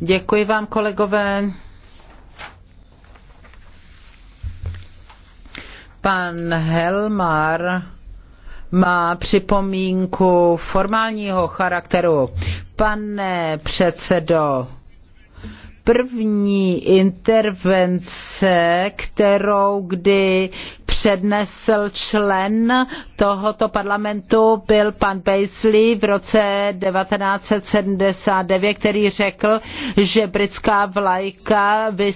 Děkuji vám, kolegové. Pan Helmar má připomínku formálního charakteru. Pane předsedo, první intervence, kterou kdy přednesl člen tohoto parlamentu, byl pan Paisley v roce 1979, který řekl, že britská vlajka by